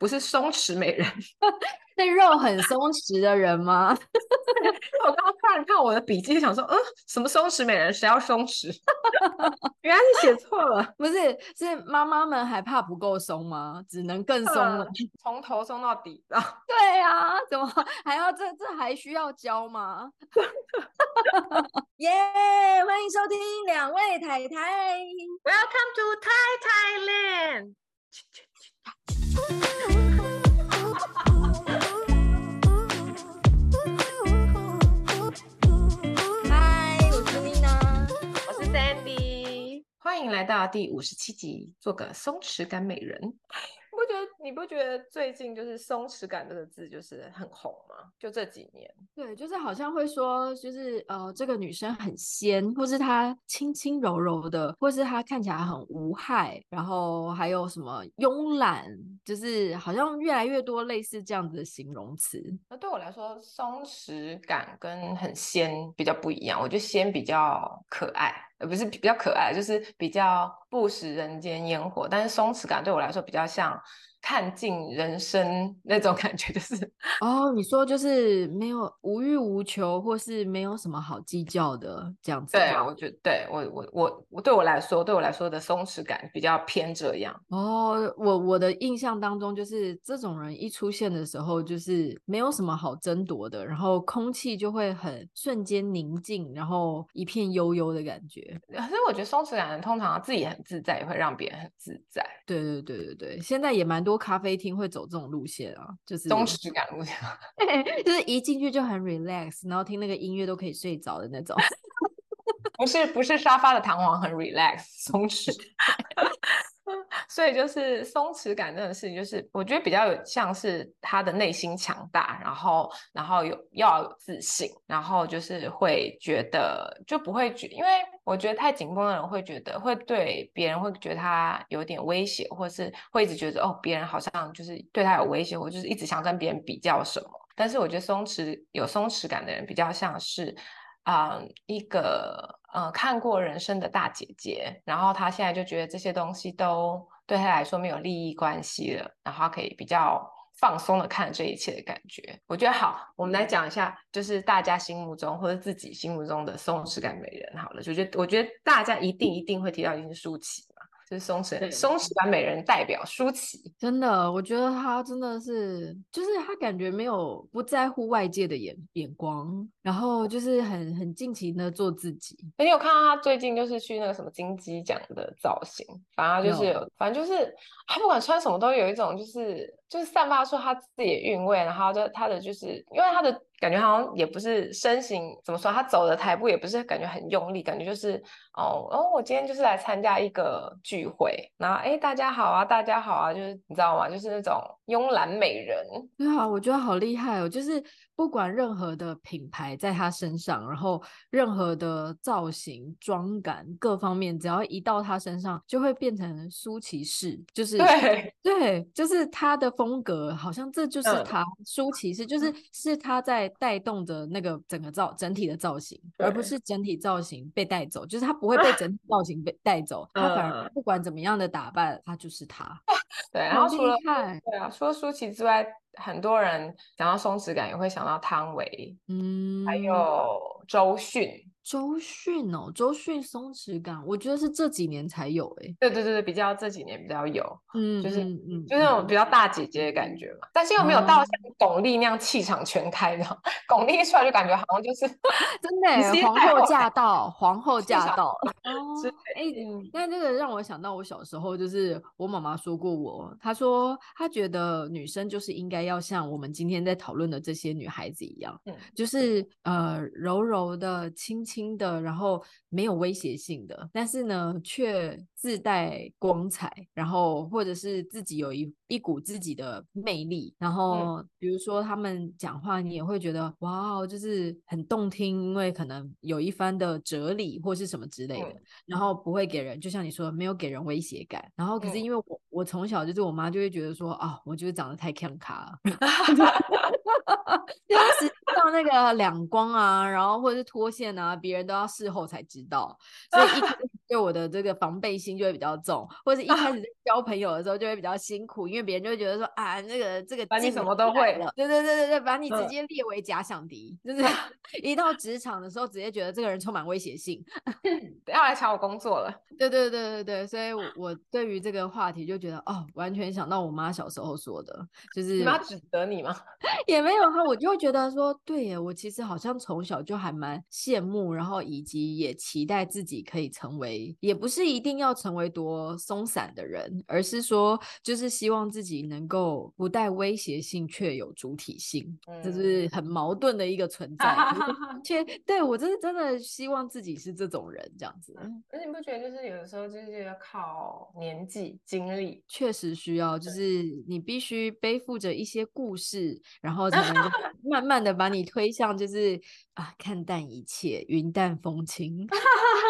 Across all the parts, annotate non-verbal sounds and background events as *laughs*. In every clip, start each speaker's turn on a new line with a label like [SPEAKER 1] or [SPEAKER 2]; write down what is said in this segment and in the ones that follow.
[SPEAKER 1] 不是鬆弛美人，那 *laughs* 肉很鬆弛的人嗎？ *laughs* *laughs* 我剛剛看了看我的筆記，想說，呃、嗯、什麼鬆弛美人？誰要鬆弛？
[SPEAKER 2] *laughs* 原來是寫錯了， *laughs* 不是？是媽媽們還怕不夠鬆嗎？只能更鬆了，
[SPEAKER 1] 從頭鬆到底，對 *laughs*
[SPEAKER 2] 對啊，怎麼還要這這還需要教嗎？耶、 *laughs* yeah，歡迎收聽兩位泰台
[SPEAKER 1] ，Welcome to Thai Tai Land。 *laughs* 嗨， *music* *music* 我是米娜，我是 Dandy，歡迎來到第五十七集，做個鬆弛感美人。 *laughs* 你不覺得最近就是“鬆弛感”這個字就是很紅嗎？就這幾年，對，就是好像
[SPEAKER 2] 會說，就是呃，這個女生很仙，或是她輕輕柔柔的，或是她看起來很無害，然後還有什麼慵懶，就是好
[SPEAKER 1] 像越來越多類似這樣子的形容詞。那對我來說，鬆弛感跟很仙比較不一樣，我覺得仙比較可愛，呃，不是比較可愛，就是比較不食人間烟火。但是鬆弛感對我來說比較像。看盡人生那種感覺，就
[SPEAKER 2] 是哦、oh，你說就是沒有無欲無求，或是沒有什麼好計較的這
[SPEAKER 1] 樣子嗎？對啊，我覺得對我我我我對我來說，對我來說的鬆弛感比較偏這樣。
[SPEAKER 2] 哦、oh，我我的印象當中，就是這種人一出現的時候，就是沒有什麼好爭奪的，然後空氣就會很瞬間寧靜，然後一片悠悠的感覺。
[SPEAKER 1] 可是我覺得鬆弛感通常自己很自在，也會讓別人很自在。
[SPEAKER 2] 對對對對對，現在也蠻多，咖啡廳會走這種路線啊，就是鬆弛感路線、哎，就是一進去就很 relax，然後聽
[SPEAKER 1] 那個音樂都可以睡着的那種， *laughs* 不是不是沙發的彈簧很 relax 鬆弛。 *laughs* 所以就是鬆弛感真的是，就是我覺得比較有像是他的內心強大，然後然後有要有自信，然後就是會覺得就不會覺得，因為我覺得太緊繃的人會覺得會對別人會覺得他有點威脅，或是會一直覺得哦別人好像就是對他有威脅，或就是一直想跟別人比較什麼。但是我覺得鬆弛有鬆弛感的人比較像是嗯一個。嗯、呃，看過人生的大姐姐，然後她現在就覺得這些東西都對她來說沒有利益關係了，然後她可以比較放鬆的看這一切的感覺。我覺得好，我們來講一下，就是大家心目中，或者自己心目中的鬆弛感美人好了。就覺得我覺得大家一定一定會提到一定是舒淇嘛。就是鬆弛，鬆弛感美人代表舒淇，
[SPEAKER 2] 真的，我覺得她真的是，就是她感覺沒有不在乎外界的眼，眼光，然後就是很很盡情的做自己。
[SPEAKER 1] 而且我看到她最近就是去那個什麼金雞獎的造型，反正就是反正就是她不管穿什麼都有一種就是。就是散發出他自己的韻味，然後就他的就是因為他的感覺好像也不是身形怎麼說，他走的台步也不是感覺很用力，感覺就是哦哦，我今天就是來參加一個聚會，然後哎、欸、大家好啊，大家好啊，就是你知道嗎？就是那種慵懶美人，
[SPEAKER 2] 對、嗯、啊，我覺得好厲害哦，就是。不管任何的品牌在他身上，然後任何的造型、妝感各方面，只要移到他身上，就會變成舒淇式，就是對對，就是他的風格，好像這就是他舒淇式，嗯、就是是他在帶動着那個整個造整體的造型，而不是整體造型被帶走，就是他不會被整體造型被帶走、啊，他反而不管怎麼樣的打扮，他就是他。對，然後除了
[SPEAKER 1] 對啊，除了舒淇之外，很多人想到鬆弛感也會想到湯唯，
[SPEAKER 2] 嗯，還有
[SPEAKER 1] 周迅。
[SPEAKER 2] 周迅哦，周迅鬆弛感，我覺得是這幾年才有哎、
[SPEAKER 1] 欸。對對對，比較這幾年比較有，嗯，就是嗯、就是、那種比較大姐姐的感覺嘛、嗯。但是又沒有到像鞏俐那樣氣場全開，你、嗯、鞏俐一出來就感覺好像就是真的、欸、皇后駕
[SPEAKER 2] 到，皇后駕到哦。哎，嗯欸嗯、但那這個讓我想到我小時候，就是我媽媽說過我，她說她覺得女生就是應該要像我們今天在討論的這些女孩子一樣，嗯，就是、呃、柔柔的、輕輕的。新的，然後沒有威脅性的，但是呢，卻自帶光彩，然後或者是自己有一一股自己的魅力，然後比如說他們講話，你也會覺得、嗯、哇，就是很動聽，因為可能有一番的哲理或是什麼之類的、嗯，然後不會給人，就像你說，沒有給人威脅感。然後可是因為我、嗯、我從小就是我媽就會覺得說啊、哦，我就是長得太 can 卡了。 *laughs* *laughs* *laughs* *laughs* *laughs* 到那個兩光啊，然後或者是脫線啊，別人都要事後才知道，所以一。 *laughs* 對我的這個防備心就會比較重，或者一開始交朋友的時候就會比較辛苦，啊、因為別人就會覺得說啊，那個這個把你什麼都會了，對對對對對，把你直接列為假想敵，嗯、就是一到職場的時候，直接覺得這個人充滿威脅性，不、嗯、要來搶我工作了。對對對對對，所以我對於這個話題就覺得哦，完全想到我媽小時候說的，就是你媽指責你嗎？也沒有哈，我就會覺得說對耶，我其實好像從小就還蠻羨慕，然後以及也期待自己可以成為。也不是一定要成為多鬆散的人，而是說，就是希望自己能夠不帶威脅性，卻有主體性，嗯、就是很矛盾的一個存在。就是、 *laughs* 對我，真的真的希望自己是這種人這樣子。
[SPEAKER 1] 而、嗯、且你不覺得，就是有的時候，就是要靠
[SPEAKER 2] 年紀、經歷，確實需要，就是你必須背負着一些故事，然後才能慢慢的把你推向，就是 *laughs* 啊，看淡一切，雲淡風輕。
[SPEAKER 1] *laughs*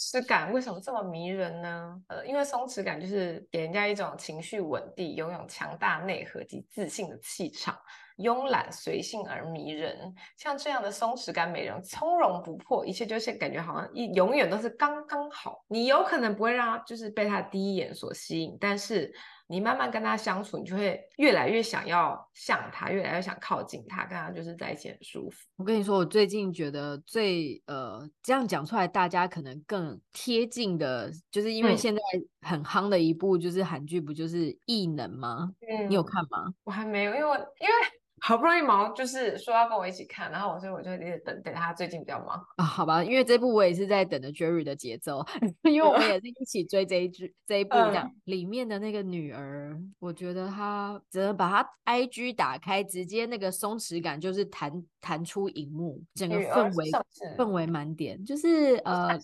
[SPEAKER 1] 鬆弛感為什麼這麼迷人呢？呃，因為鬆弛感就是給人家一種情緒穩定、擁有強大內核及自信的氣場，慵懶隨性而迷人。像這樣的鬆弛感美人，從容不迫，一切就是感覺好像一永遠都是剛剛好。你有可能不會讓他就是被他第一眼所吸引，但是。你慢慢跟他相處，你就會越來越想要像他，越來越想靠近他，跟他就是在一起很舒服。
[SPEAKER 2] 我跟你說，我最近覺得最呃，這樣講出來，大家可能更貼近的，就是因為現在很夯的一部就是韓劇，不就是《異能》嗎？嗯，你有看嗎？
[SPEAKER 1] 我還沒有，因為我因為。好不容易忙，就是說要跟我一起看，然後我所以我就一直等等他，最近比較忙
[SPEAKER 2] 啊。好吧，因為這部我也是在等着 Jerry 的節奏， *laughs* 因為我們也是一起追這一劇這一部的、呃、裡面的那個女兒，我覺得她只能把她 IG 打開，直接那個鬆弛感就是彈彈出熒幕整個氛圍是是是氛圍滿點，就是，
[SPEAKER 1] 我是呃，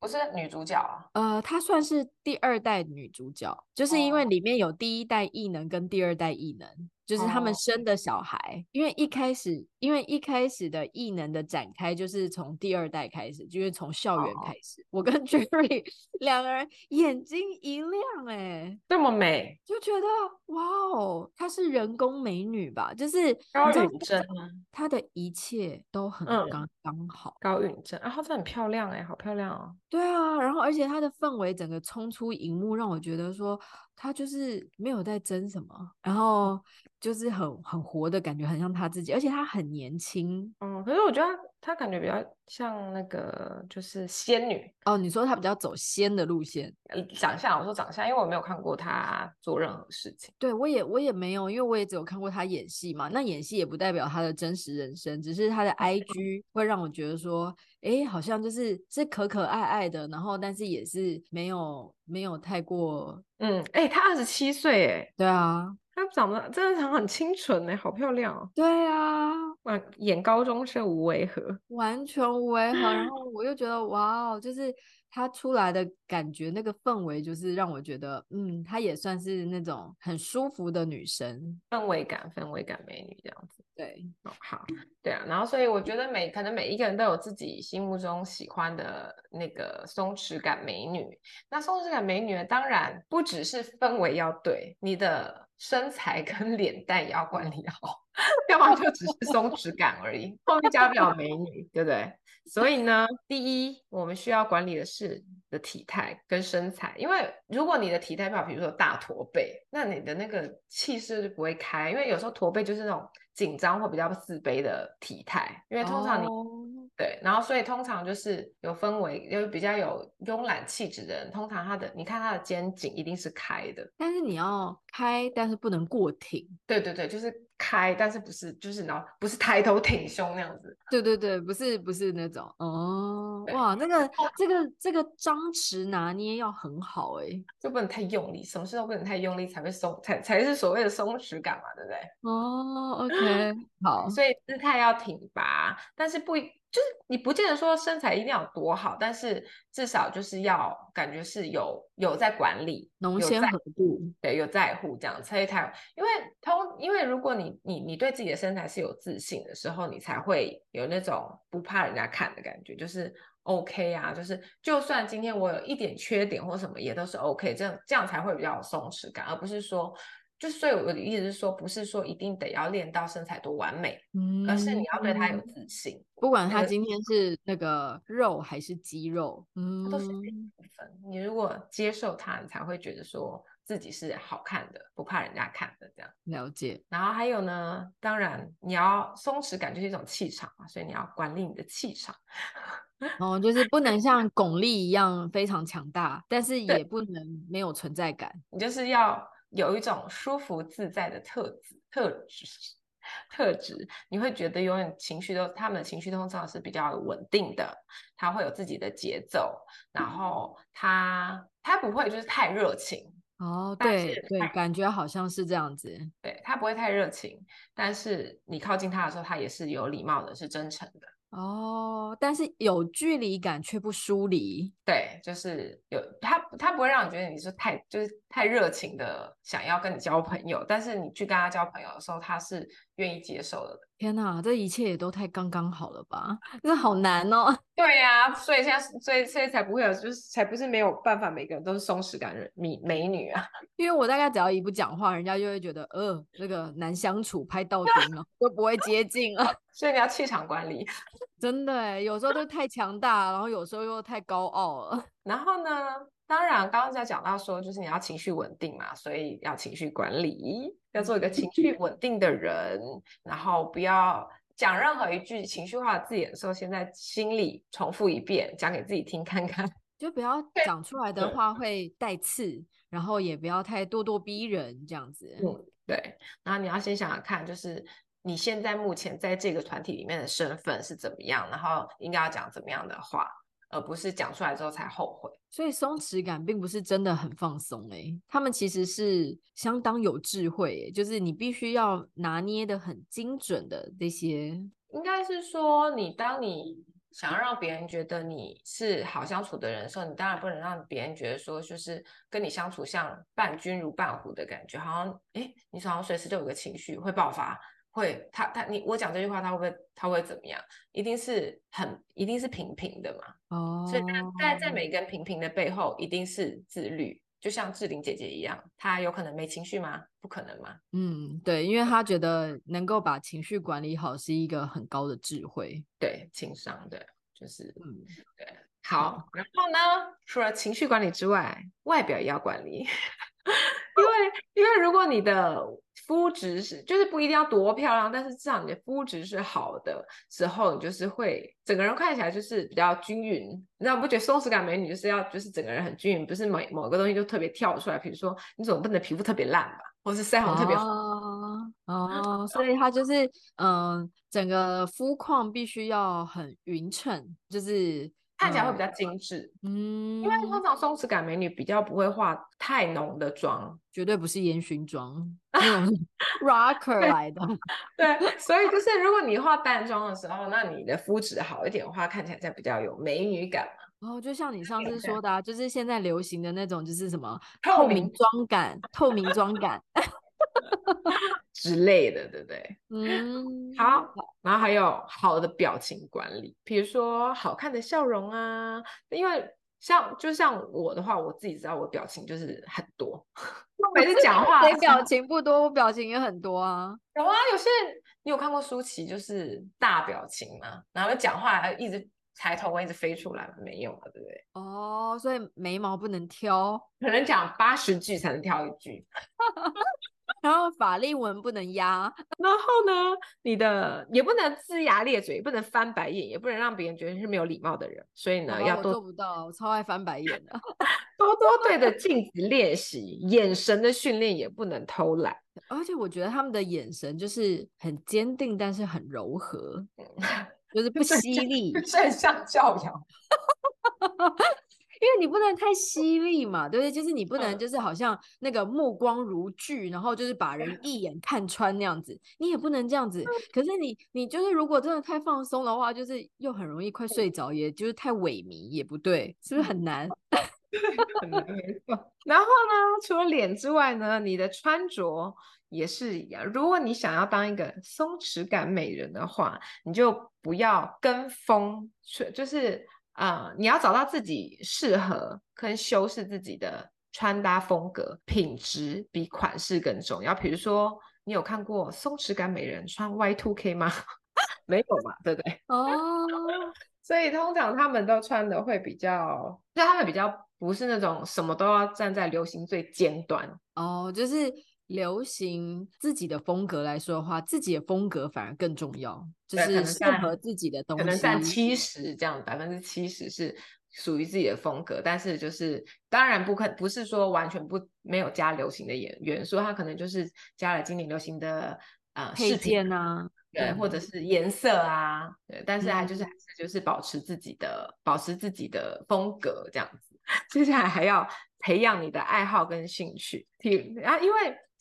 [SPEAKER 1] 不是女主角，
[SPEAKER 2] 呃，她算是第二代女主角，就是因為裡面有第一代異能跟第二代異能，哦，就是他們生的小孩，哦，因為一開始。因為一開始的異能的展開就是從第二代開始，就是從校園開始。Oh. 我跟 Jerry 兩個人眼睛一亮，欸，哎，這麼美，就覺得哇哦，她是人工美女吧？就是高允貞，她的一切都很剛，
[SPEAKER 1] 嗯、剛好。高允貞啊，她真的很漂亮哎，欸，好漂亮哦。
[SPEAKER 2] 對啊，然後而且她的氛圍整個衝出熒幕，讓我覺得說。他就是沒有在爭什麼，然後就是很很活的感覺，很像他自己，而且他很年輕，嗯，可是我覺得
[SPEAKER 1] 他，他感覺比較像那個就是仙女哦，oh, 你說他比較走仙的路線，想、呃、長相，我說長相，因為我沒有看過他做任何事情， *laughs* 對我也我也沒有，
[SPEAKER 2] 因為我也只有看過他演戲嘛，那演戲也不代表他的真實人生，只是他的 I G 會讓我覺得說。哎，好像就是是可可愛愛的，然後但是也是沒有沒有太過，嗯，
[SPEAKER 1] 哎，她二十七歲，哎，對啊，她長得真的長得很清純哎，好漂亮，對啊，哇，演高中生無違和，
[SPEAKER 2] 完全無違和，然後我又覺得 *laughs* 哇哦，就是。她出來的感覺，那個氛圍就是讓我覺得，嗯，她也算是那種很舒服的女生，
[SPEAKER 1] 氛圍感，氛圍感美女這樣子。對，哦、好，對啊。然後，所以我覺得每可能每一個人都有自己心目中喜歡的那個鬆弛感美女。那鬆弛感美女呢，當然不只是氛圍要對，你的身材跟臉蛋也要管理好， *laughs* 要不然就只是鬆弛感而已，後 *laughs* 面加不了美女，對不對？ *laughs* 所以呢，第一， *laughs* 我們需要管理的是的體態跟身材，因為如果你的體態不好，比如說大駝背，那你的那個氣勢就不會開，因為有時候駝背就是那種緊張或比較自卑的體態，因為通常你、哦、對，然後所以通常就是有氛圍，有比較有慵懶氣質的人，通常他的你看他的肩頸一定是開的，但是你要開，但是不能過挺， *laughs* 對對對，就是。開，但是不是，就是然後不是抬頭挺胸那樣子，
[SPEAKER 2] 對對對，不
[SPEAKER 1] 是不是那種哦，哇，那個這個、這個、這個張弛拿捏要很好哎、欸，就不能太用力，什麼事都不能太用力才會鬆，才才是所謂的鬆弛感嘛，對不對？哦，OK，好，所以姿態要挺拔，但是不就是你不見得說身材一定要有多好，但是。至少就是要感覺是有有在管理，先有在、嗯、對，有在乎這樣。所以太因為通，因為如果你你你對自己的身材是有自信的時候，你才會有那種不怕人家看的感覺，就是 OK 啊，就是就算今天我有一點缺點或什麼也都是 OK，這樣這樣才會比較有鬆弛感，而不是說。就所以我的意思是說，不是說一定得要練到身材多完美，嗯、而是你要對他有自信。不管他今天是那個肉還是肌肉，嗯、那個，都是另一部分，嗯。你如果接受他，你才會覺得說自己是好看的，不怕人家看的這樣。了解。然後還有呢，當然你要鬆弛感就是一種氣場嘛，所以你要管理你的氣場。
[SPEAKER 2] *laughs* 哦，就是不能像鞏俐一樣非常強大， *laughs* 但是也
[SPEAKER 1] 不能沒有存在感。你就是要。有一種舒服自在的特質，特質，特質，你會覺得永遠情緒都，他們的情緒通常是比較穩定的，他會有自己的節奏，然後他，他不會就是太熱情，
[SPEAKER 2] 哦，對，對，感覺好像是這樣子，
[SPEAKER 1] 對，他不會太熱情，但是你靠近他的時候，他也是有禮貌的，是真誠的。哦、oh，但是有距離感卻不疏離，對，就是有他，他不會讓你覺得你是太就是太熱情的想要跟你交朋友，但是你去跟他交朋友的時候，他是。願意接受了。
[SPEAKER 2] 天哪、啊，這一切也都太剛剛好了吧？這好難哦。
[SPEAKER 1] 對呀、啊，所以現在，所以現在才不會有，就是才不是沒有辦法，每個人都是鬆弛感美人美女啊。
[SPEAKER 2] 因為我大概只要一不講話，人家就會覺得，呃，這個難相處，拍到底了就 *laughs* 不會接近了。所以你要氣場管理，真
[SPEAKER 1] 的、欸，有時候都太強大，然後有時候又太高傲了。然後呢？當然，剛剛在講到說，就是你要情緒穩定嘛，所以要情緒管理，要做一個情緒穩定的人， *laughs* 然後不要講任何一句情緒化的字眼的時候，先在心裡重複一遍，講給自己聽看看，
[SPEAKER 2] 就不要講出來的話
[SPEAKER 1] 會帶刺，然後也不要太咄咄逼人這樣子。嗯，對。然後你要先想想看，就是你現在目前在這個團體裡面的身份是怎麼樣，然後應該要講怎麼樣的話。而不是講出來之後才後悔，所以鬆弛感
[SPEAKER 2] 並不是真的很放鬆哎、欸，他們其實是相當有智慧、欸，就是你必須要拿捏得很精準的這些，
[SPEAKER 1] 應該是說你當你想要讓別人覺得你是好相處的人的時候，你當然不能讓別人覺得說就是跟你相處像伴君如伴虎的感覺，好像哎，你好像隨時就有個情緒會爆發。會，他他你我講這句話，他會不會，他會怎麼樣？一定是很，一定是平平的嘛。哦、oh。所以他，在在每個平平的背後，一定是自律。就像志玲姐姐一樣，她有可能沒情緒嗎？不可能嗎。嗯，
[SPEAKER 2] 對，因為她覺得能夠把情緒管理好是一個很高的智慧，對，情
[SPEAKER 1] 商的，就是嗯，對。好，然後呢，除了情緒管理之外，外表也要管理。 *laughs* 因為，因為如果你的膚質是，就是不一定要多漂亮，但是至少你的膚質是好的時候，你就是會整個人看起來就是比較均勻。那不覺得鬆弛感美女就是要，就是整個人很均勻，不是某某個東西就特別跳出來。比如說，你總不能皮膚特別爛吧，或是腮紅特別
[SPEAKER 2] 紅？哦。哦，所以它就是，嗯、呃，整個膚況必須要很
[SPEAKER 1] 勻稱，就是。看起來會比較精緻，嗯，因為通常鬆弛感美女比較不會化太濃的妝，絕對不是煙燻妝 *laughs* *laughs* ，Rocker 來的對。對，所以就是如果你化淡妝的時候， *laughs* 那你的膚質好一點的話，看起來才比較有美女感。然、
[SPEAKER 2] 哦、後就像你上次說的、啊對對
[SPEAKER 1] 對，就是現在流行的
[SPEAKER 2] 那種，就是什麼透明妝感，透明妝感。 *laughs*
[SPEAKER 1] *laughs* 之類的，對不對？嗯好，好，然後還有好的表情管理，比如說好看的笑容啊。因為像就像我的話，我自己知道我表情就是很多。我 *laughs* 每次講話，你表情不
[SPEAKER 2] 多，我表情也很多
[SPEAKER 1] 啊。有啊，有些人你有看過舒淇，就是大表情嘛，然後講話一直抬頭紋，一直飛出來，沒用啊，對不對？
[SPEAKER 2] 哦，所以眉毛不能挑，
[SPEAKER 1] 可能講八十句才能挑一句。 *laughs* 然後法令紋不能壓，然後呢，你的也不能齜牙咧嘴，也不能翻白眼，也不能讓別人覺得你是沒有禮貌的人。所以呢，啊、要多做不到，我超愛翻白眼的、啊。 *laughs* 多多對着鏡子練習眼神的訓練，也不能偷懶。
[SPEAKER 2] *laughs* 而且我覺得他們的眼神就是很堅定，但是很柔和，就是不犀利，正 *laughs* 向教養。 *laughs* 因為你不能太犀利嘛，對不對？就是你不能就是好像那個目光如炬、嗯，然後就是把人一眼看穿那樣子，你也不能這樣子。可是你你就是如果真的太放鬆的話，就是又很容易快睡着，嗯、也就是太萎靡也不對，是不是很難？
[SPEAKER 1] *laughs* 很難沒錯。 *laughs* 然後呢，除了臉之外呢，你的穿着也是一樣。如果你想要當一個鬆弛感美人的話，你就不要跟風，就是。啊、uh,，你要找到自己適合跟修飾自己的穿搭風格，品質比款式更重要。比如說，你有看過鬆弛感美人穿 Y Two K 嗎？ *laughs* 沒有嘛，對不對？哦、oh. *laughs* 所以通常他們都穿的會比較，就他們比較不是那種什麼都要站在流行最尖端哦，oh, 就是。流行自己的
[SPEAKER 2] 風格來說的話，自己的風格反而更重要，就是適合自己的東西、啊，可能占七
[SPEAKER 1] 十這樣，百分之七十是屬於自己的風格。但是就是當然不可不是說完全不沒有加流行的元素，它可能就是加了今年流行的啊、呃，配件啊，對，或者是顏色啊，嗯、對，但是它就是、嗯、就是保持自己的保持自己的風格這樣子。接下來還要培養你的愛好跟興趣，聽啊，因為。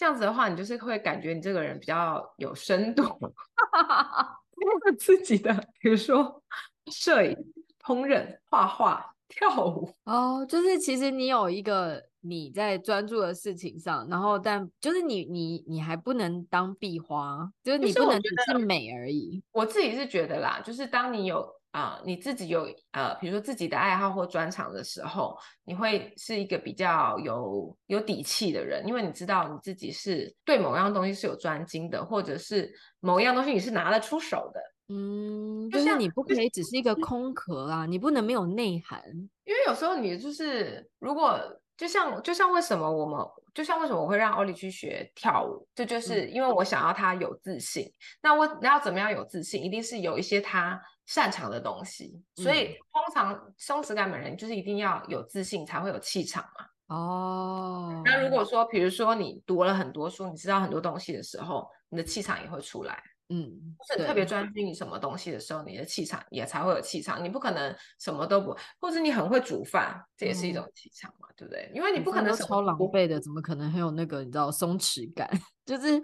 [SPEAKER 1] 這樣子的話，你就是會感覺你這個人比較有深度， *laughs* 自己的，比如說攝影、烹飪、畫畫、跳舞
[SPEAKER 2] 哦，oh, 就是其實你有一個你在專注的事情上，然後但就是你你你還不能當壁花，就是你不能只是
[SPEAKER 1] 美而已。我，我自己是覺得啦，就是當你有。啊、呃，你自己有呃，比如說自己的愛好或專長的時候，你會是一個比較有有底氣的人，因為你知道你自己是對某一樣東西是有專精的，或者是某一樣東西你是拿得出手的。嗯，就像就你不可以只
[SPEAKER 2] 是一個空殼啊、就是，你不能沒有內涵。
[SPEAKER 1] 因為有時候你就是，如果就像就像為什麼我們，就像為什麼我會讓奧里去學跳舞，這就，就是因為我想要他有自信。嗯、那我那要怎麼樣有自信？一定是有一些他。擅長的東西，所以通常鬆弛感美人就是一定要有自信才會有氣場嘛。哦，那如果說，比如說你讀了很多書，你知道很多東西的時候，你的氣場也會出來。
[SPEAKER 2] 嗯，就是特別專
[SPEAKER 1] 注於什麼東西的時候，你的氣場也才會有氣場。你不可能什麼都不，或者你很會煮飯，這也是一種氣場嘛，嗯、對不對？因為你不可能都超狼
[SPEAKER 2] 狽的，怎麼可能很有那個你知道鬆弛感？
[SPEAKER 1] *laughs* 就是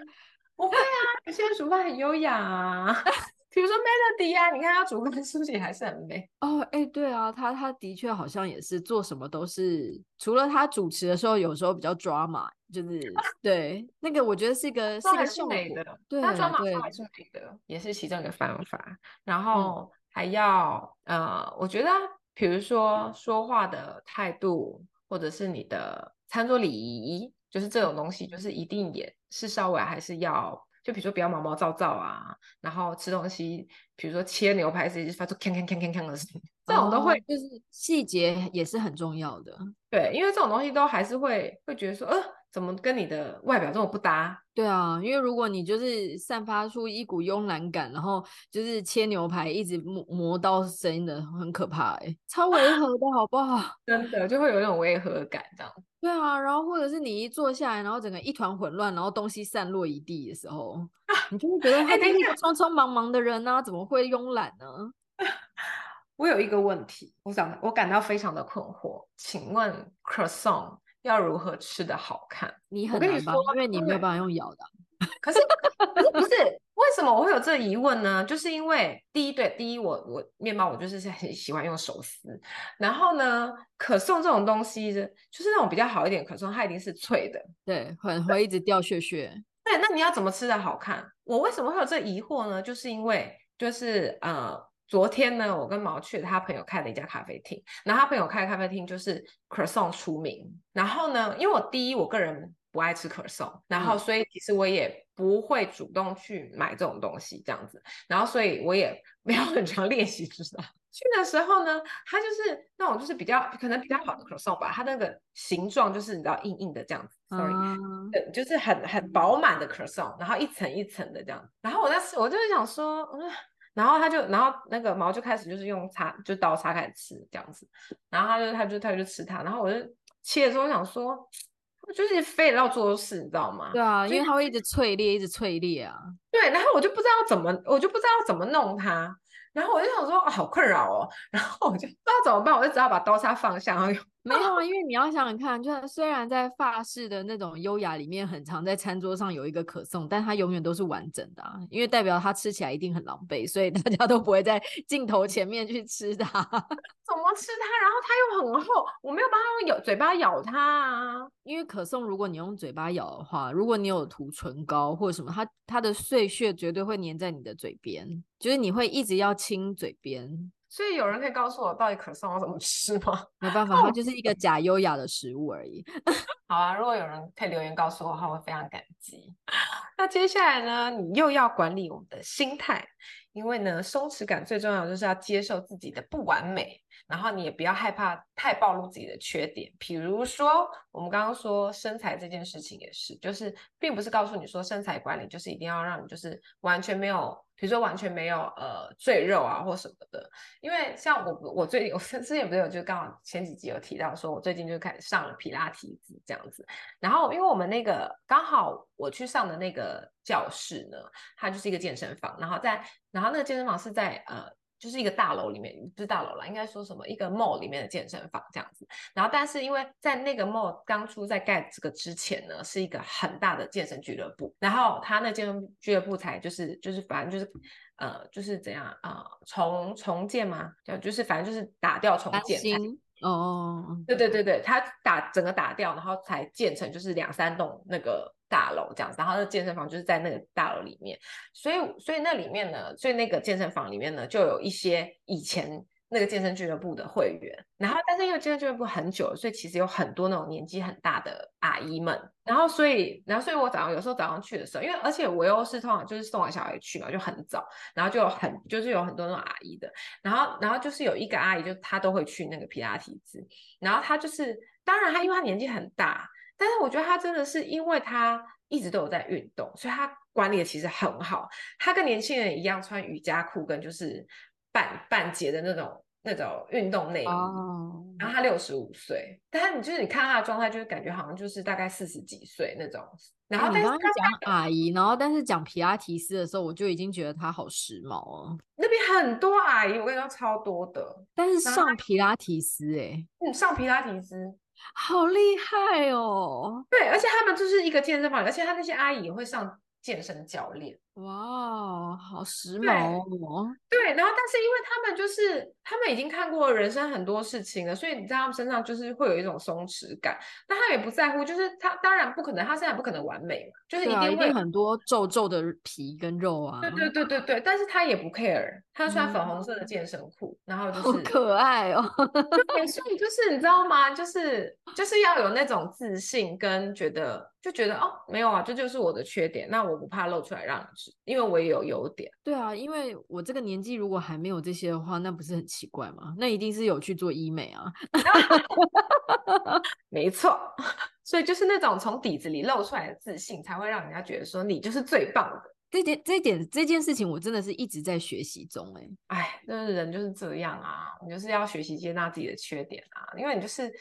[SPEAKER 1] 不 *laughs* 會啊，我現在煮飯很優雅啊。 *laughs* 比如說 m e l d y 啊，你看他主的蘇醒還是
[SPEAKER 2] 很美哦，哎、oh，對啊，他他的確好像也是做什麼都是，除了他主持的時候有時候比較抓馬，就是 *laughs* 對，那個我覺得是一個是個秀美
[SPEAKER 1] 的。對，抓馬還是美的，對對，也是其中一個方法。然後還要、嗯、呃，我覺得、啊、比如說說話的態度，或者是你的餐桌禮儀，就是這種東西，就是一定也是稍微還是要。就比如說不要毛毛躁躁啊，然後吃東西，比如說切牛排時就發出鏗鏗鏗鏗鏗的聲音，這種都會，哦，就是細節也是很重要的。對，因為這種東西都還是會會覺得說，呃。怎麼跟你的外表這麼不搭？
[SPEAKER 2] 對啊，因為如果你就是散發出一股慵懶感，然後就是切牛排一直磨磨刀聲音的，很可怕、欸、超違和的、啊、好不好？真的就會有那種違和感，這樣。對啊，然後或者是你一坐下來，然後整個一團混亂，然後東西散落一地的時候，
[SPEAKER 1] 啊、你就會覺得哎，他就是一個匆匆忙忙的人呢、啊欸，怎麼會慵懶呢？我有一個問題，我想我感到非常的困惑，請問 Croissant？要如何吃得好看？你很難我跟你說，因為你沒有辦法用咬的啊。可是， *laughs* 可是不是？為什麼我會有這疑問呢？就是因為第一，對第一我，我我麵包我就是很喜歡用手撕。然後呢，可頌這種東西，就是那種比較好一點可頌，它一定是脆的，對，很會一直掉屑屑。對，那你要怎麼吃得好看？我為什麼會有這疑惑呢？就是因為就是呃。昨天呢，我跟毛去他朋友開了一家咖啡廳，然後他朋友開咖啡廳就是 croissant 出名。然後呢，因為我第一我個人不愛吃 croissant，然後所以其實我也不會主動去買這種東西這樣子。嗯、然後所以我也沒有很常練習，知道。去的時候呢，他就是那種就是比較可能比較好的 croissant 吧，它那個形狀就是你知道硬硬的這樣子，sorry，、嗯、就是很很飽滿的 croissant，然後一層一層的這樣子。然後我當時我就是想說，我、嗯、說。然後他就，然後那個毛就開始就是用叉，就刀叉開始吃這樣子。然後他就，他就，他就，他就吃它。然後我就切的時候我想說，我就是非得要做事，你知道嗎？對啊，因為它會
[SPEAKER 2] 一直脆裂，一直脆
[SPEAKER 1] 裂啊。對，然後我就不知道怎麼，我就不知道怎麼弄它。然後我就想說，啊，好困擾哦。然後我就不知道怎麼辦，我就只好把刀叉放下，然後用。沒有啊，因為你要想想看，
[SPEAKER 2] 就是雖然在法式的那種優雅裡面，很常在餐桌上有一個可頌，但它永遠都是完整的啊，因為代表它吃起來一定很狼狽，所以大家都不會在鏡頭前面去吃它。
[SPEAKER 1] 怎麼吃它？然後它又很厚，
[SPEAKER 2] 我沒有辦法用咬，嘴巴咬它啊。因為可頌，如果你用嘴巴咬的話，如果你有塗唇膏或者什麼，它它的碎屑絕對會粘在你的嘴邊，就是你會一直要親嘴邊。
[SPEAKER 1] 所以有人可以告訴我到底可頌我怎麼吃嗎？沒辦法，它 *laughs* 就是一個
[SPEAKER 2] 假優雅的食物而已。
[SPEAKER 1] *laughs* 好啊，如果有人可以留言告訴我，我會非常感激。 *laughs* 那接下來呢？你又要管理我們的心態，因為呢，鬆弛感最重要就是要接受自己的不完美。然後你也不要害怕太暴露自己的缺點，比如說我們剛剛說身材這件事情也是，就是並不是告訴你說身材管理就是一定要讓你就是完全沒有，比如說完全沒有呃贅肉啊或什麼的，因為像我我最近我之前也沒有就剛好前幾集有提到說我最近就開始上了皮拉提斯這樣子，然後因為我們那個剛好我去上的那個教室呢，它就是一個健身房，然後在然後那個健身房是在呃。就是一個大樓裡面，不是大樓啦，應該說什麼一個 mall 裡面的健身房這樣子。然後，但是因為在那個 mall 當初在蓋這個之前呢，是一個很大的健身俱樂部。然後他那健身俱樂部才就是就是反正就是呃就是怎樣啊、呃、重重建嗎？就就是反正就是打掉重建。哦、oh.，對對對對，他打整個打掉，然後才建成，就是兩三棟那個大樓這樣子，然後那健身房就是在那個大樓裡面，所以所以那裡面呢，所以那個健身房裡面呢，就有一些以前那個健身俱樂部的會員，然後但是因為健身俱樂部很久，所以其實有很多那種年紀很大的阿姨們，然後所以然後所以我早上有時候早上去的時候，因為而且我又是通常就是送我小孩去嘛，就很早，然後就很就是有很多那種阿姨的，然後然後就是有一個阿姨就，就她都會去那個皮拉提斯。然後她就是當然她因為她年紀很大，但是我覺得她真的是因為她一直都有在運動，所以她管理的其實很好，她跟年輕人一樣穿瑜伽褲跟就是。半半截的那種那種運動內衣，oh. 然後她六十五歲，但是你就是你看她的狀態，就是感覺好像就是大概四十幾歲那種。然後、oh,
[SPEAKER 2] 他你剛剛講阿姨，然後但是講皮拉提斯的時候，我就已經覺得她好時髦哦。
[SPEAKER 1] 那邊很多阿姨，我跟你說超多的。但是上
[SPEAKER 2] 皮拉提斯、欸，
[SPEAKER 1] 哎，嗯，上皮拉提斯好厲害哦。對，而且他們就是一個健身房，而且他那些阿姨也會上健身教練。.哇、wow，好時髦哦，對！對，然後但是因為他們就是他們已經看過人生很多事情了，所以你在他們身上就是會有一種鬆弛感。但他也不在乎，就是他當然不可能，他現在不可能完美，就是一定會、啊、一定很
[SPEAKER 2] 多皺皺的
[SPEAKER 1] 皮跟肉啊。對對對對對，但是他也不 care，他穿粉紅色的健身褲，嗯、然後就是可愛哦， *laughs* 所以就是你知道嗎？就是就是要有那種自信跟覺得。就覺得哦，沒有啊，這就是我的缺點。那我不怕露出來讓你去，讓因為我也有優點。
[SPEAKER 2] 對啊，因為我這個年紀如果還沒有這些的話，那不是很奇怪嗎？
[SPEAKER 1] 那一定是有去做醫美啊。哈哈哈哈哈！沒錯，所以就是那種從底子裡露出來的自信，才會讓人家覺得說你就是最棒的。這點，這點，這件事情我真的是一直在學習中欸。哎，哎，是人就是這樣啊，你就是要學習接納自己的缺點啊，因為你就是。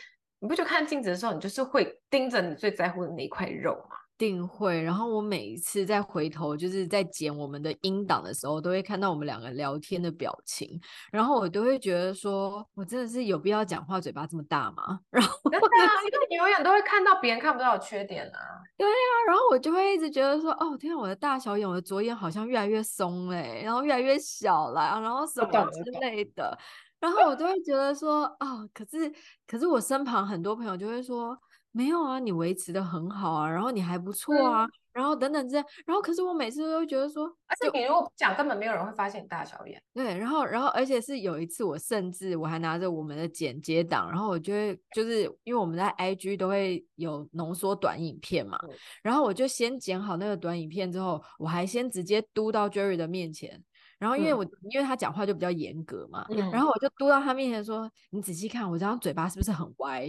[SPEAKER 1] 你不就看鏡子的時候，你就是會盯着你最在乎的那一塊肉嗎？定會。然後我每一次再回頭，就
[SPEAKER 2] 是在剪我們的音檔的時候，都會看到我們兩個聊天的表情，然後我都會覺得說，我真的是有必要講話嘴巴這麼大嗎？然後
[SPEAKER 1] 對 *laughs* *laughs* 但啊， *laughs* 你永遠都會看到別人看不到的缺點啊。對啊，然後我就會一直覺得說，哦，天，我
[SPEAKER 2] 的大小眼，我的左眼好像越來越鬆嘞、欸，然後越來越小了，然後什麼之類的。然後我就會覺得說，哦，可是可是我身旁很多朋友就會說，沒有啊，你維持的很好啊，然後你還不錯啊，嗯、然後等等這樣，然後可是我每次
[SPEAKER 1] 都會覺得說，而且你如果不講我，根本沒有人會發現你大小眼。
[SPEAKER 2] 對，然後然後而且是有一次，我甚至我還拿着我們的剪接檔，然後我就會就是因為我們在 IG 都會有濃縮短影片嘛、嗯，然後我就先剪好那個短影片之後，我還先直接嘟到 Jerry 的面前。然後，因為我、嗯、因為他講話就比較嚴格嘛、嗯，然後我就嘟到他面前說：“你仔細看，我這張嘴巴是不是很歪？”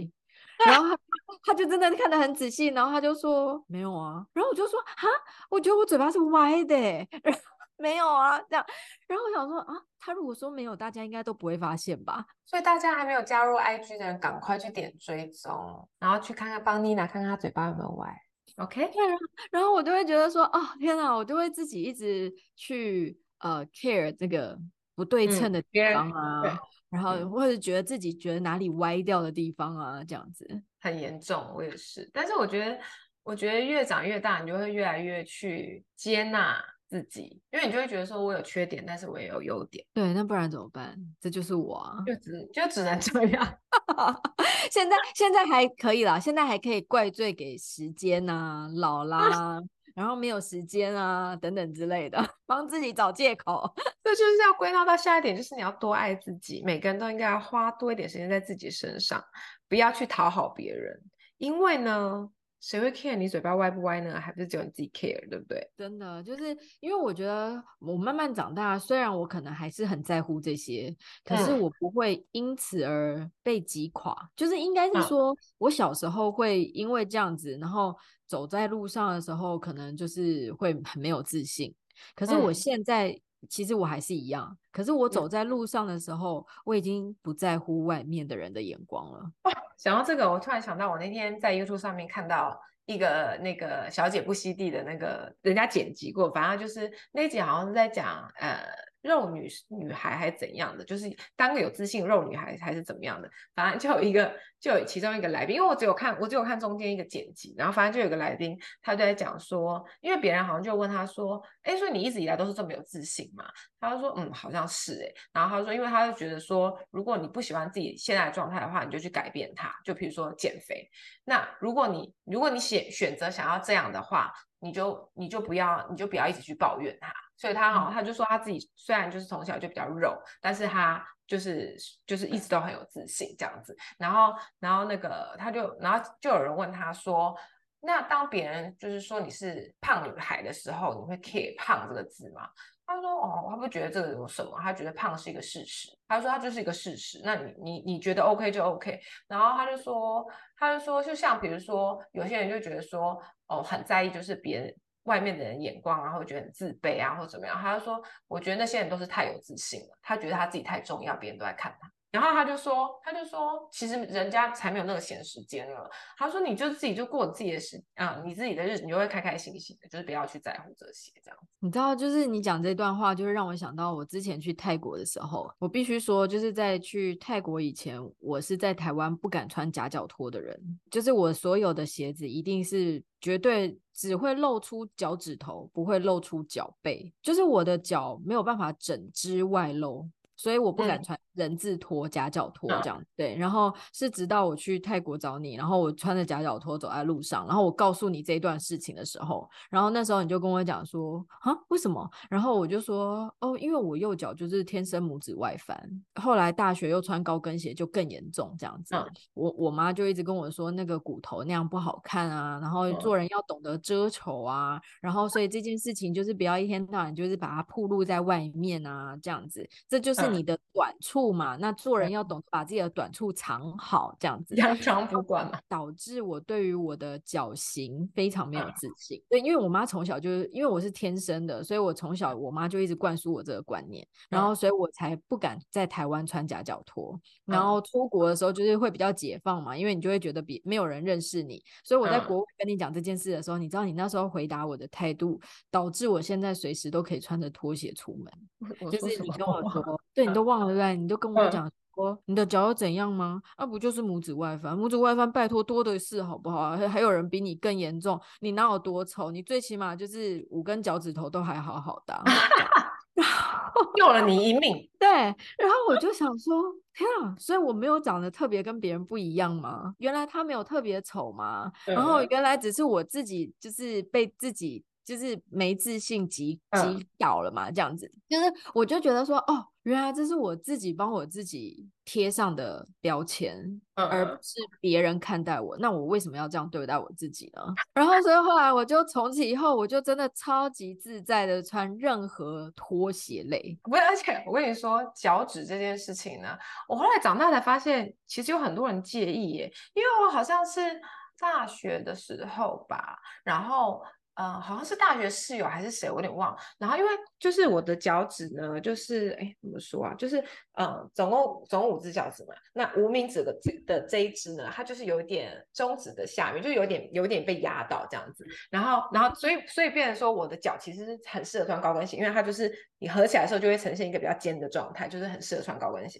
[SPEAKER 2] *laughs* 然後他他就真的看得很仔細，然後他就說：“沒有啊。”然後我就說：“哈，我覺得我嘴巴是歪的。 *laughs* ”
[SPEAKER 1] 然後
[SPEAKER 2] 沒有啊”，這樣。然後我想說：“啊，他如果說沒有，大家應該都不會
[SPEAKER 1] 發現吧？”所以大家還沒有加入 IG 的人，趕快去點追蹤，然後去看看邦尼娜看看她嘴巴有沒有歪。OK。然後然後我就會覺得說：“哦，天哪！”我就會
[SPEAKER 2] 自己一直去。呃、uh，care 這個不對稱的地方啊，嗯、然後或者覺得自己覺得哪裡歪掉的地方啊，這樣子很嚴重，我
[SPEAKER 1] 也是。但是我覺得，我覺得越長越大，你就會越來越去接納自己，因為你就會覺得說，我有缺點，但是我也有優點。
[SPEAKER 2] 對，那不然怎麼辦？這就是我、啊，
[SPEAKER 1] 就只就只能這樣。 *laughs* 現在現在還
[SPEAKER 2] 可以了，現在還可以怪罪給時間啊、老啦。啊然後沒有時間啊，等
[SPEAKER 1] 等之類的，
[SPEAKER 2] 幫自己找借口，
[SPEAKER 1] 這就是要歸納到下一點，就是你要多愛自己，每個人都應該要花多一點時間在自己身上，不要去討好別人，因為呢，誰會 care 你嘴巴歪不歪呢？還不是只有你自己 care，對不對？
[SPEAKER 2] 真的，就是因為我覺得我慢慢長大，雖然我可能還是很在乎這些，可是我不會因此而被擊垮。嗯、就是應該是說、啊，我小時候會因為這樣子，然後走在路上的時候，可能就是會很沒有自信。
[SPEAKER 1] 可是我現
[SPEAKER 2] 在。嗯其實我還是一樣，可是我走在路上的時候，嗯、我已經不在乎外面的人的眼光了。
[SPEAKER 1] 哦、想到這個，我突然想到，我那天在 YouTube 上面看到一個那個小姐不熙娣的那個人家剪輯過，反正就是那集好像是在講呃。肉女女孩還是怎樣的，就是當個有自信肉女孩還是怎麼樣的，反正就有一個就有其中一個來賓，因為我只有看我只有看中間一個剪輯，然後反正就有一個來賓，他就在講說，因為別人好像就問他說，哎，所以你一直以來都是這麼有自信嘛？他就說，嗯，好像是誒、欸、然後他就說，因為他就覺得說，如果你不喜歡自己現在的狀態的話，你就去改變它，就譬如說減肥。那如果你如果你選選擇想要這樣的話。你就你就不要你就不要一直去抱怨他。所以他好、哦、嗯、他就說他自己雖然就是從小就比較肉，但是他就是就是一直都很有自信這樣子，然後然後那個他就然後就有人問他說。那當別人就是說你是胖女孩的時候，你會 care 胖這個字嗎？他就說哦，他不覺得這個有什麼，他覺得胖是一個事實。他就說他就是一個事實。那你你你覺得 OK 就 OK。然後他就說他就說就像比如說有些人就覺得說哦很在意就是別人外面的人眼光啊，然後覺得很自卑啊，或者怎麼樣。他就說我覺得那些人都是太有自信了，他覺得他自己太重要，別人都在看他。然後他就說，他就說，其實人家才沒有那個閒時間了。他說，你就自己就過自己的時間，啊、嗯，你自己的日子，你就會開開心心的，就是不要去在乎這些，這樣。
[SPEAKER 2] 你知道，就是你講這段話，就是讓我想到我之前去泰國的時候，我必須說，就是在去泰國以前，我是在台灣不敢穿夾腳拖的人，就是我所有的鞋子一定是絕對只會露出腳趾頭，不會露出腳背，就是我的腳沒有辦法整隻外露。所以我不敢穿人字拖、夾腳拖這樣子，對。然後是直到我去泰國找你，然後我穿着夾腳拖走在路上，然後我告訴你這一段事情的時候，然後那時候你就跟我講說啊，為什麼？然後我就說哦，因為我右腳就是天生拇指外翻，後來大學又穿高跟鞋就更嚴重這樣子。嗯、我我媽就一直跟我說那個骨頭那樣不好看啊，然後做人要懂得遮醜啊，然後所以這件事情就是不要一天到晚就是把它暴露在外面啊這樣子，這就是、嗯。你的短處嘛，那做人要懂得把自己的短處藏好這、嗯，這樣子揚長補短嘛。這樣導致我對於我的腳型非常沒有自信。嗯、對，因為我媽從小就，因為我是天生的，所以我從小我媽就一直灌輸我這個觀念。然後，所以我才不敢在台灣穿夾腳拖、嗯。然後出國的時候就是會比較解放嘛，因為你就會覺得比沒有人認識你。所以我在國外跟你講這件事的時候、嗯，你知道你那時候回答我的態度，導致我現在隨時都可以穿着拖鞋出門、就是。就是你跟我說。你都忘了、嗯、對對對，你都跟我講說你的腳要怎樣嗎？那、啊、不就是拇指外翻？拇指外翻，拜託多的是，好不好？還有人比你更嚴重，你哪有多醜？你最起碼就是五根腳趾頭都還好好的， *laughs* 救了你一命。對，然後我就想說，天啊！所以我沒有長得特別跟別人不一樣嗎？原來他沒有特別醜嗎？然後原來只是我自己，就是被自己。就是沒自信，急急倒了嘛、嗯，這樣子。就是我就覺得說，哦，原來這是我自己幫我自己貼上的標籤、嗯嗯，而不是別人看待我。那我為什麼要這樣對待我自己呢？然後，所以後來我就從此以後，我就真的超級自在的
[SPEAKER 1] 穿任何拖鞋類。不是，而且我跟你說，腳趾這件事情呢，我後來長大才發現，其實有很多人介意耶。因為我好像是大學的時候吧，然後。啊、嗯，好像是大學室友，還是誰，我有點忘了。然後因為就是我的腳趾呢，就是哎，怎麼說啊？就是嗯，總共總五只腳趾嘛。那無名指的的這一只呢，它就是有點中指的下面，就有點有點被壓到這樣子。然後然後，所以所以變成說，我的腳其實是很適合穿高跟鞋，因為它就是你合起來的時候就會呈現一個比較尖的狀態，就是很適合穿高跟鞋。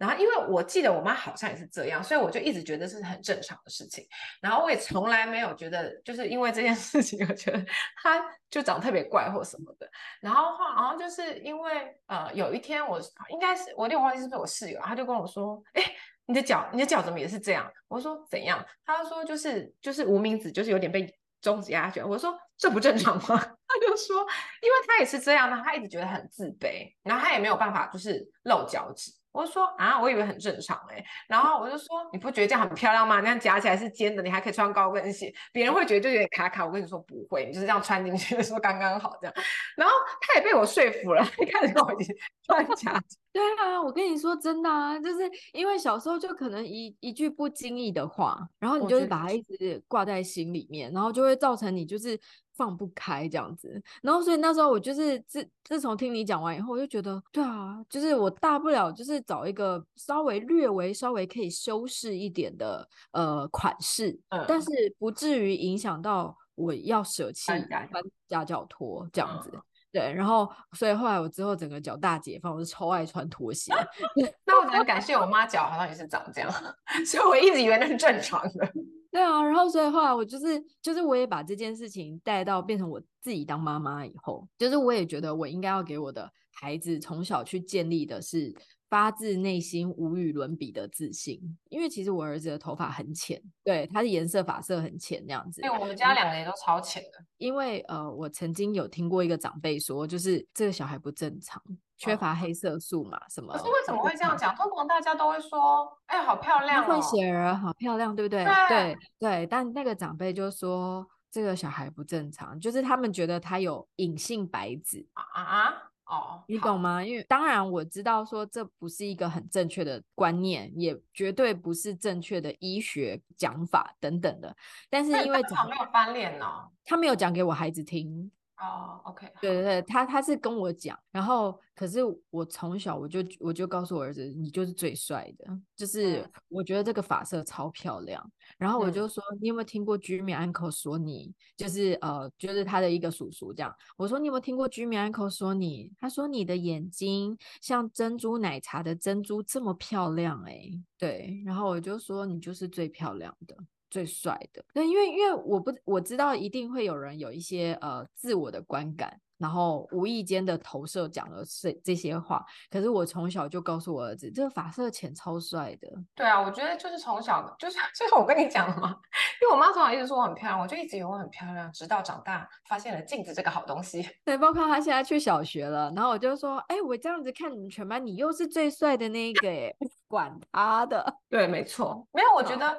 [SPEAKER 1] 然後因為我記得我媽好像也是這樣，所以我就一直覺得是很正常的事情。然後我也從來沒有覺得，就是因為這件事情，我覺得。 *laughs* 他就長得特別怪或什麼的，然後話，然後就是因為呃有一天我應該是我電話是不是我室友、啊，他就跟我說，哎、欸，你的腳你的腳怎麼也是這樣？我說怎樣？他就說就是就是無名指就是有點被中指壓着。我說這不正常嗎？他就說，因為他也是這樣的，他一直覺得很自卑，然後他也沒有辦法就是露腳趾。我就說啊，我以為很正常哎、欸，然後我就說，你不覺得這樣很漂亮嗎？那樣夾起來是尖的，你還可以穿高跟鞋，別人會覺得就有點卡卡。我跟你說不會，你就是這樣穿進去，就說剛剛好這樣。然後他也被我說服了，你看你我已經穿夾子。 *laughs*
[SPEAKER 2] 對啊，我跟你說真的啊，就是因為小時候就可能一一句不經意的話，然後你就是把它一直掛在心裡面，然後就會造成你就是。放不開這樣子，然後所以那時候我就是自自,自從聽你講完以後，我就覺得對啊，就是我大不了就是找一個稍微略微稍微可以修飾一點的呃款式、嗯，但是不至於影響到我要舍棄夾夾腳拖這樣子、嗯嗯。對，然後所以後來我之後整個腳大解放，我就超愛穿拖鞋。
[SPEAKER 1] *laughs* 那我只能感謝我媽腳好像也是長這樣， *laughs* 所以我一直以為那是正常的。對啊，然後所以
[SPEAKER 2] 後來我就是就是我也把這件事情帶到變成我自己當媽媽以後，就是我也覺得我應該要給我的孩子從小去建立的是發自內心無與倫比的自信，因為其實我兒子的頭髮很淺，對，他的顏色髮色很淺那樣子。對、哎，我們家兩
[SPEAKER 1] 個人都超淺的。
[SPEAKER 2] 因為呃，我曾經有聽過一個長輩說，就是這個小孩不正常。缺乏黑色素嘛、oh. 什麼？可是為什麼會
[SPEAKER 1] 這樣講？通常大家都會說，哎，好漂亮、哦，混血
[SPEAKER 2] 兒好漂亮，對不對？對對,對。但那個長輩就說這個小孩不正常，就是他們覺得他有隱性白質。
[SPEAKER 1] 啊啊哦，
[SPEAKER 2] 你懂嗎？因為當然我知道說這不是一個很正確的觀念，也絕對不是正確的醫學講法等等的。但是因為他沒
[SPEAKER 1] 有翻臉呢。
[SPEAKER 2] 他沒有講給我孩子聽。哦、oh,，OK，對對對，他他是跟我講，然後可是我從小我就我就告訴我兒子，你就是最帥的，就是我覺得這個髮色超漂亮，然後我就說、嗯、你有沒有聽過 Jimmy Uncle 說你，就是呃，就是他的一個叔叔這樣，我說你有沒有聽過 Jimmy Uncle 說你，他說你的眼睛像珍珠奶茶的珍珠這麼漂亮哎、欸，對，然後我就說你就是最漂亮的。最帥的，那因為因為我不我知道一定會有人有一些呃自我的觀感，然後無意間的投射講了這這些話。可是我從小就告訴我兒子，這個髮色淺超帥的。
[SPEAKER 1] 對啊，我覺得就是從小的就是，所以我跟你講嘛，因為我媽從小一直說我很漂亮，我就一直以為我很漂亮，直到長大發現了鏡子這個好東西。
[SPEAKER 2] 對，包括她現在去小學了，然後我就說，哎、欸，我這樣子看你們全班，你又是最帥的那一個耶，不
[SPEAKER 1] 管他的。 *laughs* 對，沒錯，沒有，我覺得。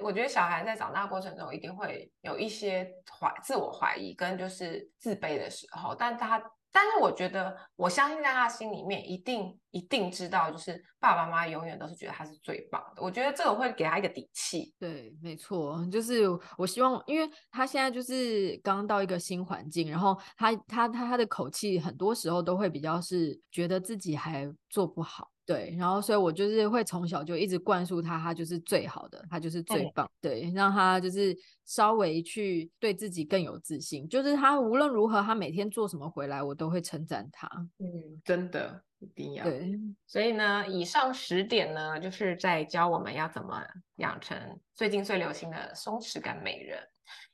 [SPEAKER 1] 我覺得小孩在長大過程中一定會有一些懷自我懷疑跟就是自卑的時候，但他但是我覺得我相信在他心裡面一定一定知道，就是爸爸媽媽永遠都是覺得他是最棒的。
[SPEAKER 2] 我覺得這個會給他一個底氣。對，沒錯，就是我希望，因為他現在就是剛到一個新環境，然後他他他他的口氣很多時候都會比較是覺得自己還做不好。對，然後所以我就是會從小就一直灌輸他，他就是最好的，他就是最棒，okay. 對，讓他就是稍微去對自己更有自信。就是他無論如何，他每天做什麼回來，我都會稱讚他。嗯，真的一定要。對，
[SPEAKER 1] 所以呢，以上十點呢，就是在教我們要怎麼養成最近最流行的鬆弛感美人。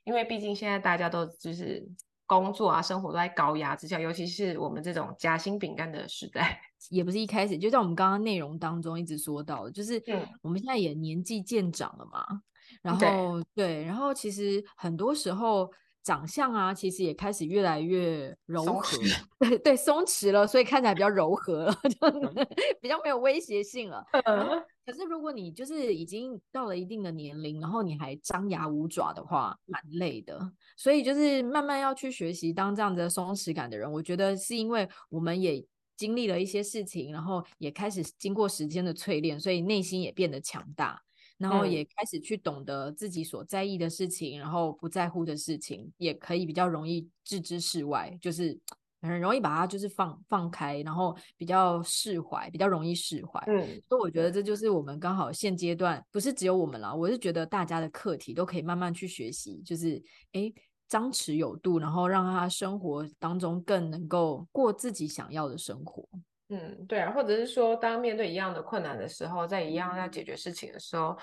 [SPEAKER 1] 因為畢竟現在大家都就是工作啊，生活都在高壓之下，尤其是我們這種夾心餅乾的時代。也不是一開始，就在我們剛剛內容當中一直
[SPEAKER 2] 說到的，就是我們現在也年紀漸長了嘛，嗯、然後、okay. 對，然後其實很多時候長相啊，其實也開始越來越柔和，對 *laughs* 對，鬆弛了，所以看起來比較柔和了， *laughs* 比較沒有威脅性了、嗯嗯。可是如果你就是已經到了一定的年齡，然後你還張牙舞爪的話，蠻累的。所以就是慢慢要去學習當這樣子的鬆弛感的人。我覺得是因為我們也。經歷了一些事情，然後也開始經過時間的淬煉，所以內心也變得強大，然後也開始去懂得自己所在意的事情，嗯、然後不在乎的事情也可以比較容易置之事外，就是很容易把它就是放放開，然後比較釋懷，比較容易釋懷。嗯，所以我覺得這就是我們剛好現階段不是只有我們了，我是覺得大家的課題都可以慢慢去學習，就是誒。張弛有度，然後讓他生活當中更能夠過自己想要的生活。
[SPEAKER 1] 嗯，對啊，或者是說，當面對一樣的困難的時候，在一樣要解決事情的時候，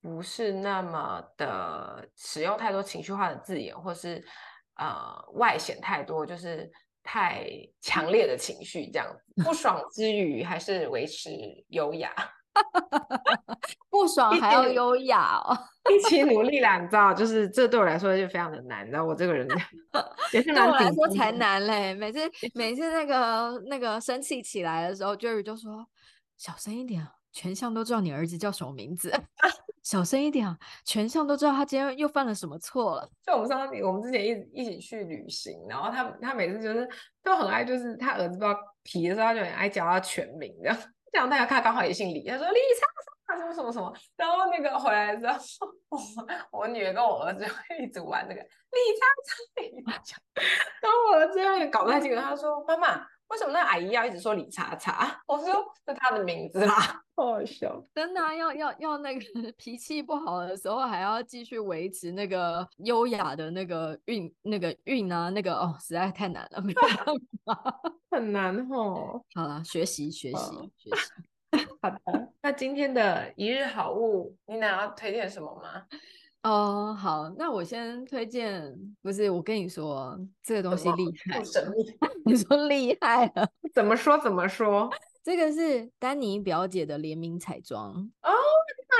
[SPEAKER 1] 不是那麼的使用太多情緒化的字眼，或是呃外顯太多，就是太強烈的情緒，這樣不爽之餘 *laughs* 還是維持優雅。 *laughs* 不爽還要優雅哦，一，一起努力啦，你知道，就是這對我來說就非常的難，你知道，我這個人也是的對我來說才
[SPEAKER 2] 難嘞。每次每次那個那個生氣起來的時候，Jerry 就說：“
[SPEAKER 1] 小聲一點，全
[SPEAKER 2] 巷都知道你兒子叫什麼名字。”小聲一點，全巷都知道他今天又犯了什麼
[SPEAKER 1] 錯了。就我們上次我們之前一一起去旅行，然後他他每次就是都很愛，就是他兒子比較皮的時候，他就很愛叫他全名這樣。這樣大家看剛好也姓李，他說李叉叉什麼什麼什麼，然後那個回來之後，我，我女兒跟我兒子會一直玩這個李叉叉、李、叉叉李叉叉。然後我兒子也搞不太清楚，他說媽媽。為什麼那阿姨要一直說李茶茶？我、哦、說是她、哦、的名字啦， *laughs* 好，好
[SPEAKER 2] 笑。真的、啊，要要要那個脾氣不好的時候，還要繼續維持那個優雅的那個韻、那個韻啊，那個哦，實在太難了，沒辦法， *laughs* 很難哦。好了，學習學習學習。 *laughs* 好的，那
[SPEAKER 1] 今天的一日好物，你想要推薦什麼嗎？
[SPEAKER 2] 哦，好，那我先推薦，不是我跟你說、嗯、這個東西厲害， *laughs* 你說厲害了，怎麼說怎麼說？這個是丹妮婊姐的聯名彩妝
[SPEAKER 1] 哦。Oh!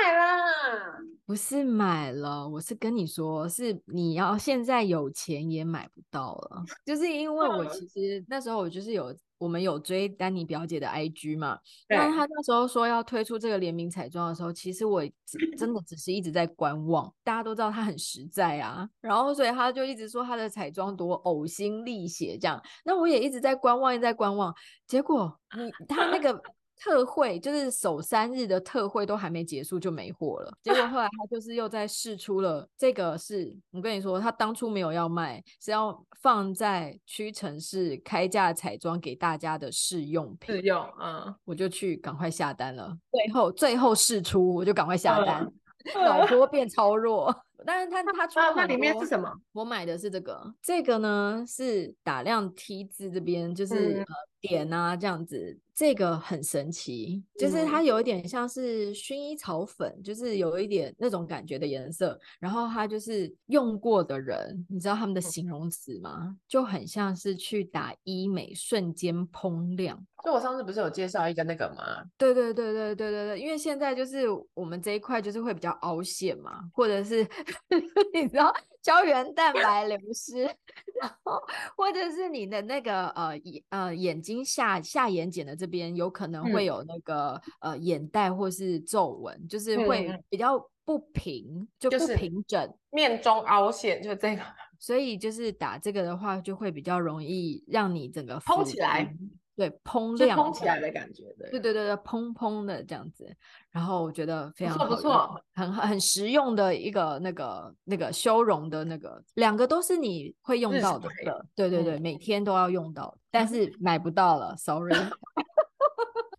[SPEAKER 1] 買了，
[SPEAKER 2] 不是買了，我是跟你說，是你要現在有錢也買不到了，就是因為我其實 *laughs* 那時候我就是有我們有追丹尼表姐的 IG 嘛，但他那時候說要推出這個聯名彩妝的時候，其實我只真的只是一直在觀望。大家都知道他很實在啊，然後所以他就一直說他的彩妝多嘔心瀝血這樣，那我也一直在觀望，一直在觀望，結果你他那個。 *laughs* 特惠，就是首三日的特惠都還沒結束就沒貨了，結果後來他就是又在試出了 *laughs* 這個是我跟你說他當初沒有要賣，是要放在屈臣氏開架彩妝給大家的試用品。試用、嗯，我就去趕快下單了。最後最後試出我就趕快下單，嗯、好多變超弱。 *laughs* 但是他他出來的那裡面是什麼？我買的是這個，這個呢是打亮 T 字這邊，就是、嗯點啊，這樣子，這個很神奇，就是它有一點像是薰衣草粉，嗯、就是有一點那種感覺的顏色。然後它就是用過的人，你知道他們的形容詞嗎？就很像是去打醫美，
[SPEAKER 1] 瞬間膨亮。就我上次不是有介紹一個那個嗎？
[SPEAKER 2] 對對對對對對對，因為現在就是我們這一塊就是會比較凹陷嘛，或者是 *laughs* 你知道。膠原蛋白流失， *laughs* 然後或者是你的那個呃呃眼睛下下眼瞼的這邊有可能會有那個、嗯、呃眼袋或是皺紋，就是會比較不平，嗯、就不平整，就是、面中凹陷就這個，所以就是打這個的話，就會比較容易讓你整個嘭起來。對，蓬亮，蓬起來的感覺，對，對對對對蓬蓬的這樣子，然後我覺得非常不錯，不錯，很好，很很實用的一個那個那個修容的那個，兩個都是你會用到的，的對對對、嗯，每天都要用到，但是買不到了、嗯，sorry， *laughs*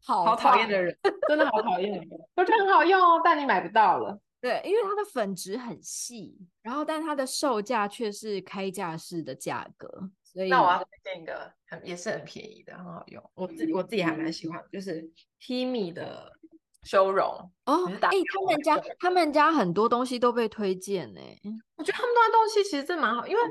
[SPEAKER 2] 好，討
[SPEAKER 1] 好討厭的人， *laughs* 真的好討厭的
[SPEAKER 2] 人，我覺得很好用哦，但你買不到了，對，因為它的粉質很細，然後但它的售價卻是開架式的價格。
[SPEAKER 1] 所以那我要推薦一個很也是很便宜的，嗯、很好用。我自己我自己還蠻喜歡，就是 Hime 的修容哦。哎、欸，他們
[SPEAKER 2] 家他們家很多東西都被推薦呢、欸。我覺得他們家
[SPEAKER 1] 東西其實真的蠻好，因為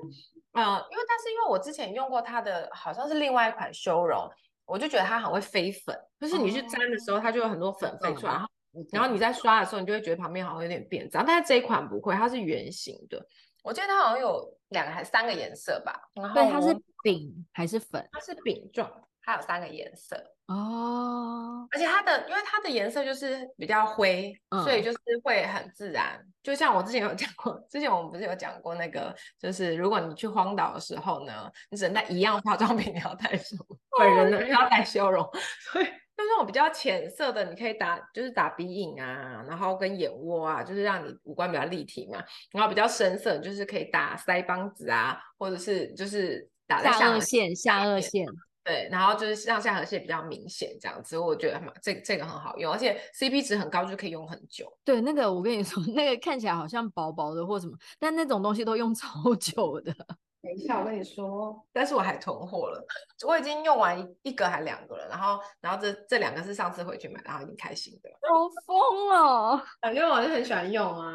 [SPEAKER 1] 啊、嗯呃，因為但是因為我之前用過它的，好像是另外一款修容，我就覺得它很會飛粉，嗯、就是你去沾的時候，它就有很多粉飛出來，然、嗯、後然後你在刷的時候、嗯，你就會覺得旁邊好像有點變髒。但是這一款不會，它是圓形的，我記得它好像有。嗯兩個還是三個顏色吧，然後？對，它是餅還是粉？它是餅狀，它有三個顏色。哦，而且它的，因為它的顏色就是比較灰、嗯，所以就是會很自然。就像我之前有講過，之前我們不是有講過那個，就是如果你去荒島的時候呢，你只能帶一樣化妝品，你要帶什麼？本人呢要帶修容，所以。就是種比較淺色的，你可以打，就是打鼻影啊，然後跟眼窩啊，就是讓你五官比較立體嘛。然後比較深色，就是可以打腮幫子啊，或者是就是打在下顎線，下顎線，線。對，然後就是讓下頜線比較明顯，這樣子。我覺得嘛，這個、這個很好用，而且 CP 值很高，就可以用很久。
[SPEAKER 2] 對，那個我跟你說，那個看起來好像薄薄的或什麼，但那種東西都用超久的。
[SPEAKER 1] 等一下，我跟你說，但是我還囤貨了，我已經用完一個，還兩個了。然後，然後這這兩個是上次回去買，然後已經開心的。好瘋了、哦，感、啊、覺我就很喜歡用啊。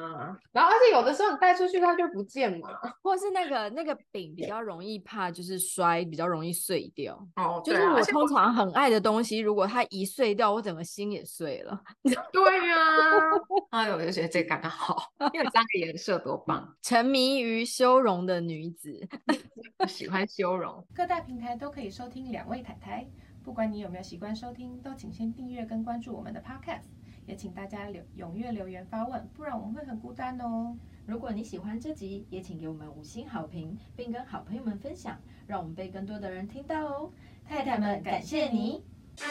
[SPEAKER 1] 然後，而且有的時候你帶出去它就不見
[SPEAKER 2] 了，或是那個那個餅比較容易怕就是摔，比較容易碎掉。哦、啊，就是我通常很愛的東西，如果它一碎掉，我整個心也碎
[SPEAKER 1] 了。對呀、啊， *laughs* *laughs* 哎，我就覺得這個剛剛好， *laughs* 因為三個顏色多棒。
[SPEAKER 2] 沉迷於修容的女子， *laughs* 喜歡修容，
[SPEAKER 1] 各大平台都可以收聽兩位泰台。不管你有沒有喜歡收聽，都請先訂閱跟關注我們的 podcast。也請大家留踴躍留言發問，不然我們會很孤單哦。如果你喜歡這集，也
[SPEAKER 2] 請給我們五星好評，並跟好朋友們分享，讓我們被更多的人聽到哦。太太們，感謝你。嗯